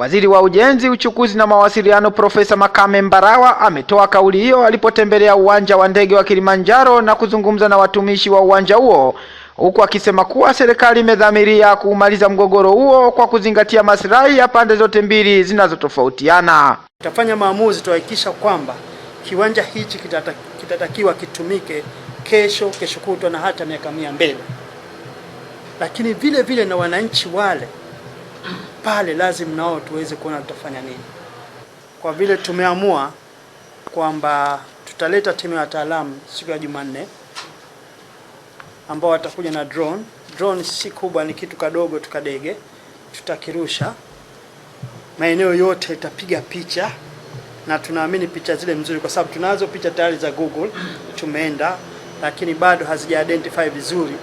Waziri wa Ujenzi, Uchukuzi na Mawasiliano Profesa Makame Mbarawa ametoa kauli hiyo alipotembelea uwanja wa ndege wa Kilimanjaro na kuzungumza na watumishi wa uwanja huo huku akisema kuwa serikali imedhamiria kuumaliza mgogoro huo kwa kuzingatia maslahi ya pande zote mbili zinazotofautiana. Tutafanya maamuzi, tutahakikisha kwamba kiwanja hichi kitatakiwa kitumike kesho, kesho kutwa na hata miaka mia mbele, lakini vile vile na wananchi wale pale lazima nao tuweze kuona tutafanya nini, kwa vile tumeamua kwamba tutaleta timu ya wataalamu siku ya Jumanne ambao watakuja na drone. Drone si kubwa, ni kitu kadogo tukadege, tutakirusha maeneo yote, itapiga picha na tunaamini picha zile mzuri, kwa sababu tunazo picha tayari za Google, tumeenda lakini bado hazija identify vizuri.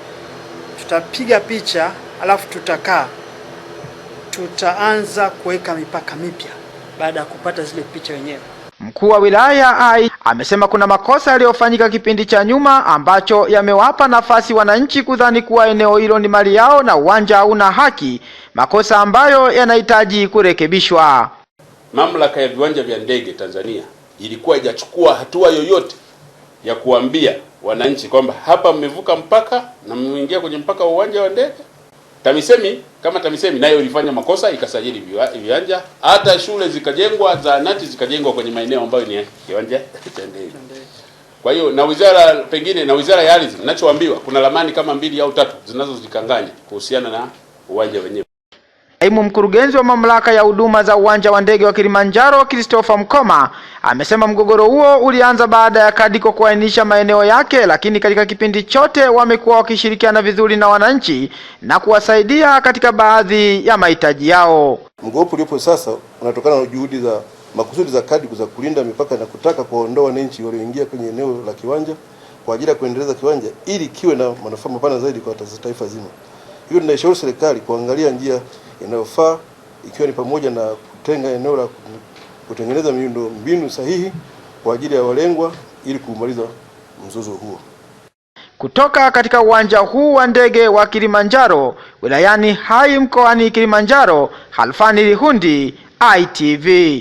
Tutapiga picha alafu tutakaa tutaanza kuweka mipaka mipya baada ya kupata zile picha wenyewe. Mkuu wa wilaya Ai amesema kuna makosa yaliyofanyika kipindi cha nyuma ambacho yamewapa nafasi wananchi kudhani kuwa eneo hilo ni mali yao na uwanja hauna haki, makosa ambayo yanahitaji kurekebishwa. Mamlaka ya viwanja vya ndege Tanzania ilikuwa haijachukua hatua yoyote ya kuambia wananchi kwamba hapa mmevuka mpaka na mmeingia kwenye mpaka wa uwanja wa ndege. TAMISEMI kama TAMISEMI nayo ilifanya makosa ikasajili viwanja, hata shule zikajengwa, zahanati zikajengwa kwenye maeneo ambayo ni kiwanja cha ndege. Kwa hiyo na wizara pengine na wizara ya ardhi, ninachoambiwa kuna ramani kama mbili au tatu zinazozikanganya kuhusiana na uwanja wenyewe. Kaimu mkurugenzi wa mamlaka ya huduma za uwanja wa ndege wa Kilimanjaro, Christopher Mkoma, amesema mgogoro huo ulianza baada ya Kadiko kuainisha maeneo yake, lakini katika kipindi chote wamekuwa wakishirikiana vizuri na wananchi na kuwasaidia katika baadhi ya mahitaji yao. Mgogoro uliopo sasa unatokana na juhudi za makusudi za Kadiko za kulinda mipaka na kutaka kuwaondoa wananchi walioingia kwenye eneo la kiwanja kwa ajili ya kuendeleza kiwanja ili kiwe na manufaa mapana zaidi kwa taifa zima. Hivyo tunaishauri serikali kuangalia njia inayofaa ikiwa ni pamoja na kutenga eneo la kutengeneza miundo mbinu sahihi kwa ajili ya walengwa ili kumaliza mzozo huo. Kutoka katika uwanja huu wa ndege wa Kilimanjaro wilayani Hai mkoani Kilimanjaro, Halfani Lihundi, ITV.